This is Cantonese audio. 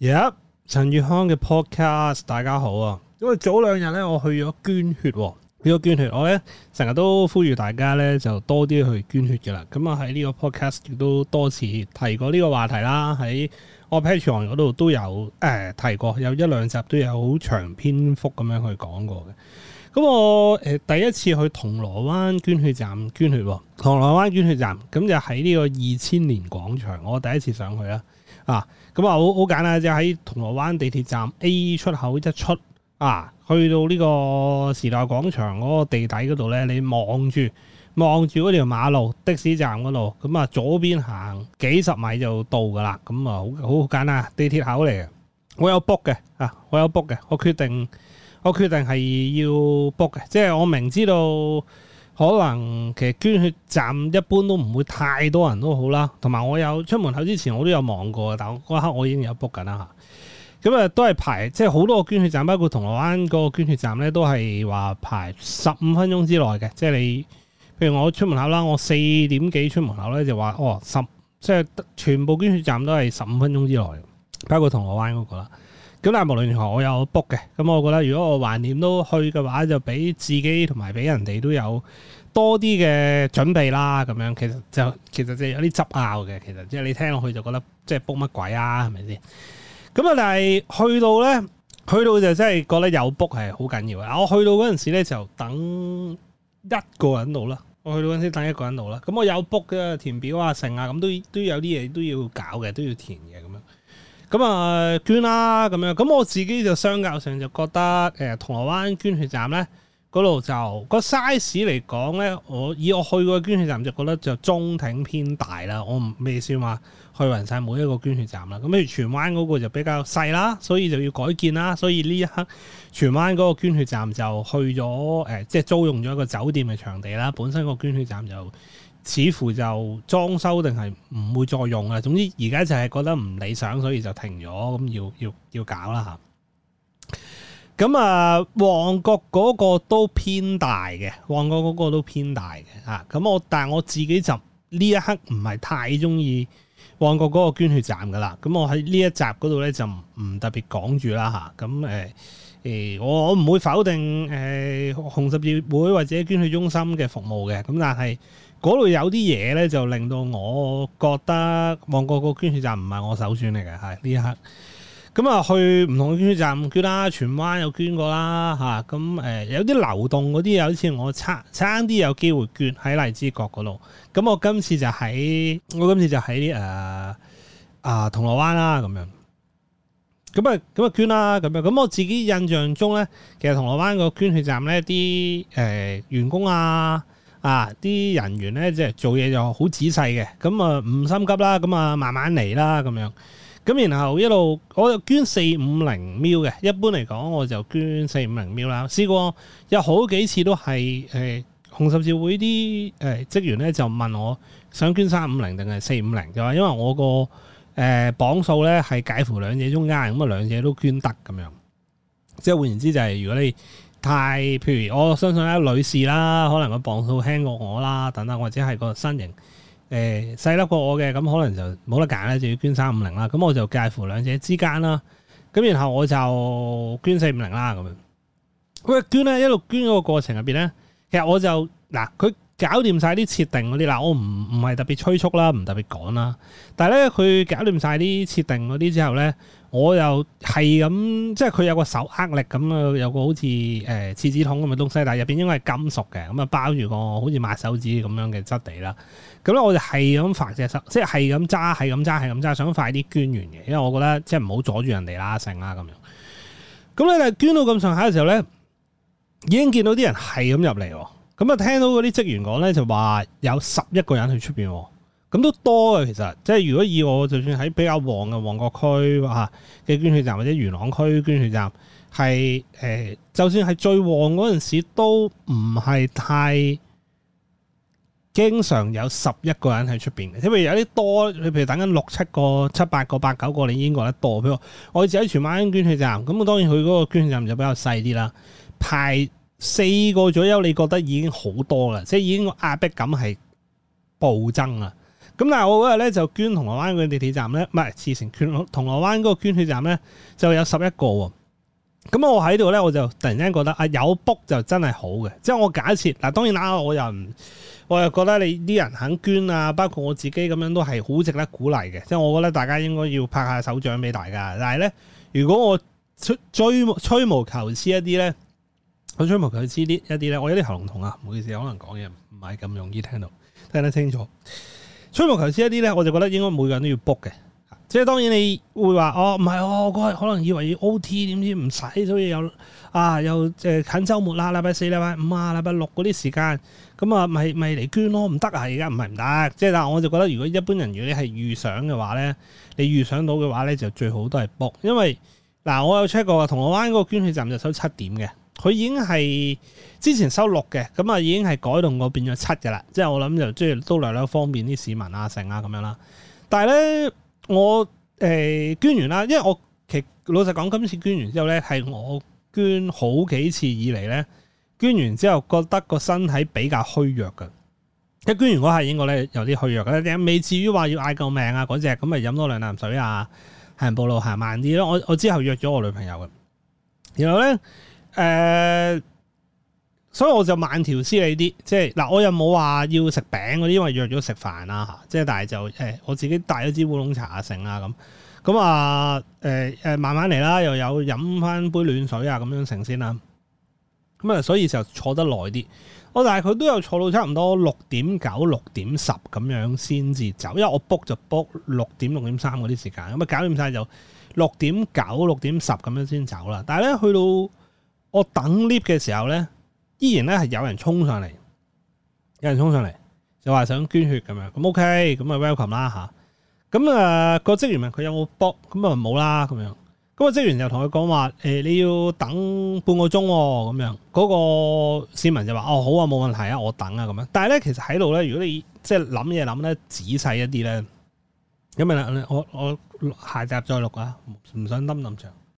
呀，陳玉康嘅 podcast，大家好啊！因為早兩日咧，我去咗捐血。呢個捐血，我咧成日都呼籲大家咧，就多啲去捐血嘅啦。咁啊喺呢個 podcast 亦都多次提過呢個話題啦，喺我 Patreon 嗰度都有誒、呃、提過，有一兩集都有好長篇幅咁樣去講過嘅。咁我誒第一次去銅鑼灣捐血站捐血。哦，銅鑼灣捐血站咁就喺呢個二千年廣場，我第一次上去啦。啊，咁啊好好簡單，就喺銅鑼灣地鐵站 A 出口一出啊，去到呢個時代廣場嗰個地底嗰度呢，你望住望住嗰條馬路的士站嗰度，咁啊左邊行幾十米就到噶啦。咁啊好好簡單啊，地鐵口嚟嘅，我有 book 嘅啊，我有 book 嘅，我決定。我決定係要 book 嘅，即係我明知道可能其實捐血站一般都唔會太多人都好啦，同埋我有出門口之前我都有望過，但我嗰刻我已經有 book 緊啦嚇。咁、嗯、啊都係排，即係好多個捐血站，包括銅鑼灣個捐血站咧，都係話排十五分鐘之內嘅。即係你譬如我出門口啦，我四點幾出門口咧，就話哦十，即係全部捐血站都係十五分鐘之內，包括銅鑼灣嗰、那個啦。咁但係無論如何，我有 book 嘅，咁我覺得如果我橫掂都去嘅話，就俾自己同埋俾人哋都有多啲嘅準備啦。咁樣其實就其實即係有啲執拗嘅。其實即係你聽落去就覺得即係 book 乜鬼啊，係咪先？咁啊，但係去到咧，去到就真係覺得有 book 係好緊要啊！我去到嗰陣時咧，就等一個人到啦。我去到嗰陣時候等一個人到啦。咁我有 book 嘅，填表啊、成啊，咁都都有啲嘢，都要搞嘅，都要填嘅。咁、嗯、啊捐啦咁樣，咁我自己就相較上就覺得誒、呃、銅鑼灣捐血站咧嗰度就、個 size 嚟講咧，我以我去過捐血站就覺得就中挺偏大啦。我唔未算話去完晒每一個捐血站啦。咁譬如荃灣嗰個就比較細啦，所以就要改建啦。所以呢一刻荃灣嗰個捐血站就去咗、呃、即係租用咗一個酒店嘅場地啦。本身個捐血站就。似乎就裝修定係唔會再用啦！總之而家就係覺得唔理想，所以就停咗，咁要要要搞啦嚇。咁啊，旺角嗰個都偏大嘅，旺角嗰個都偏大嘅嚇。咁、啊、我但係我自己就呢一刻唔係太中意旺角嗰個捐血站噶啦。咁我喺呢一集嗰度咧就唔特別講住啦嚇。咁、啊呃、我我唔會否定誒紅、呃、十字會或者捐血中心嘅服務嘅，咁但係。嗰度有啲嘢咧，就令到我覺得旺角個捐血站唔係我首選嚟嘅，係呢一刻。咁啊，去唔同嘅捐血站捐啦，荃灣有捐過啦，嚇咁誒有啲流動嗰啲，有似我差差啲有機會捐喺荔枝角嗰度。咁我今次就喺我今次就喺誒、呃、啊銅鑼灣啦，咁樣。咁啊咁啊捐啦，咁樣。咁我自己印象中咧，其實銅鑼灣個捐血站咧啲誒員工啊～啊！啲人員咧，即係做嘢就好仔細嘅，咁啊唔心急啦，咁啊慢慢嚟啦，咁樣。咁然後一路，我就捐四五零 ml 嘅。一般嚟講，我就捐四五零 ml 啦。試過有好幾次都係，誒、呃、紅十字會啲誒職員咧就問我，想捐三五零定係四五零？就話因為我個誒磅數咧係介乎兩者中間，咁啊兩者都捐得咁樣。即係換言之、就是，就係如果你。太，譬如我相信女士啦，可能個磅數輕過我啦，等等，或者係個身形誒細粒過我嘅，咁可能就冇得揀，就要捐三五零啦。咁我就介乎兩者之間啦。咁然後我就捐四五零啦咁樣。咁啊捐咧，一路捐嗰個過程入面咧，其實我就嗱佢。搞掂晒啲設定嗰啲，啦我唔唔係特別催促啦，唔特別講啦。但係咧，佢搞掂晒啲設定嗰啲之後咧，我又係咁，即係佢有個手握力咁啊，有個好似誒廁紙筒咁嘅東西，但係入邊應該係金屬嘅，咁啊包住個好似抹手指咁樣嘅質地啦。咁咧，我就係咁發隻手，即係係咁揸，係咁揸，係咁揸，想快啲捐完嘅，因為我覺得即係唔好阻住人哋啦，成啦咁樣。咁咧，就係捐到咁上下嘅時候咧，已經見到啲人係咁入嚟。咁啊，聽到嗰啲職員講咧，就話有十一個人去出邊喎。咁都多嘅。其實，即係如果以我，就算喺比較旺嘅旺角區，嚇嘅捐血站或者元朗區捐血站，係、呃、就算係最旺嗰陣時，都唔係太經常有十一個人喺出面嘅。因為有啲多，你譬如等緊六七個、七八個、八九個，你已經覺得多。譬如我，自住喺荃灣捐血站，咁我當然佢嗰個捐血站就比較細啲啦，派。四個左右，你覺得已經好多啦。即係已經壓迫感係暴增啦。咁但係我嗰日咧就捐銅鑼灣個地鐵站咧，唔係次成捐銅鑼灣嗰個捐血站咧，就有十一個。咁我喺度咧，我就突然間覺得啊，有 book 就真係好嘅。即係我假設嗱，當然啦，我又唔，我又覺得你啲人肯捐啊，包括我自己咁樣都係好值得鼓勵嘅。即係我覺得大家應該要拍下手掌俾大家。但係咧，如果我吹毛求疵一啲咧。吹毛求疵啲一啲咧，我有啲喉嚨痛啊，唔好意思，可能講嘢唔係咁容易聽到，聽得清楚。吹毛求疵一啲咧，我就覺得應該每個人都要 book 嘅，即係當然你會話哦，唔係、哦、我嗰可能以為要 OT，點知唔使，所以有啊，又即係近週末啦，禮拜四、禮拜五啊、禮拜六嗰啲時間，咁啊咪咪嚟捐咯，唔得啊，而家唔係唔得，即係但我就覺得如果一般人如果你係預想嘅話咧，你預想到嘅話咧就最好都係 book，因為嗱，我有 check 過啊，銅鑼灣嗰個捐血站就收七點嘅。佢已經係之前收六嘅，咁啊已經係改動過變咗七嘅啦。即係我諗就即係都略略方便啲市民啊、剩啊咁樣啦。但係咧，我誒、呃、捐完啦，因為我其實老實講，今次捐完之後咧，係我捐好幾次以嚟咧，捐完之後覺得個身體比較虛弱嘅。一捐完嗰下應該咧有啲虛弱嘅，但係未至於話要嗌救命啊嗰隻咁咪，飲多，多兩啖水啊，行步路行慢啲咯。我我之後約咗我女朋友嘅，然後咧。誒、呃，所以我就慢條斯理啲，即係嗱，我又冇話要食餅嗰啲，因為約咗食飯啦吓，即係但係就誒、欸，我自己帶咗支烏龍茶成啦，咁咁啊，誒誒、呃呃，慢慢嚟啦，又有飲翻杯暖水啊，咁樣成先啦。咁啊，所以就坐得耐啲。我大概佢都有坐到差唔多六點九、六點十咁樣先至走，因為我 book 就 book 六點六點三嗰啲時間，咁啊搞掂晒就六點九、六點十咁樣先走啦。但係咧去到。我等 lift 嘅時候咧，依然咧係有人衝上嚟，有人衝上嚟就話想捐血咁樣，咁 OK，咁啊 welcome 啦吓。咁啊、呃個職員問佢有冇 book，咁啊冇啦咁樣。咁、個職員就同佢講話，誒、欸、你要等半個鐘咁、哦、樣。嗰、個市民就話哦好啊，冇問題啊，我等啊咁樣。但係咧其實喺度咧，如果你即係諗嘢諗得仔細一啲咧，咁樣咧，我我下集再錄啊，唔想咁長。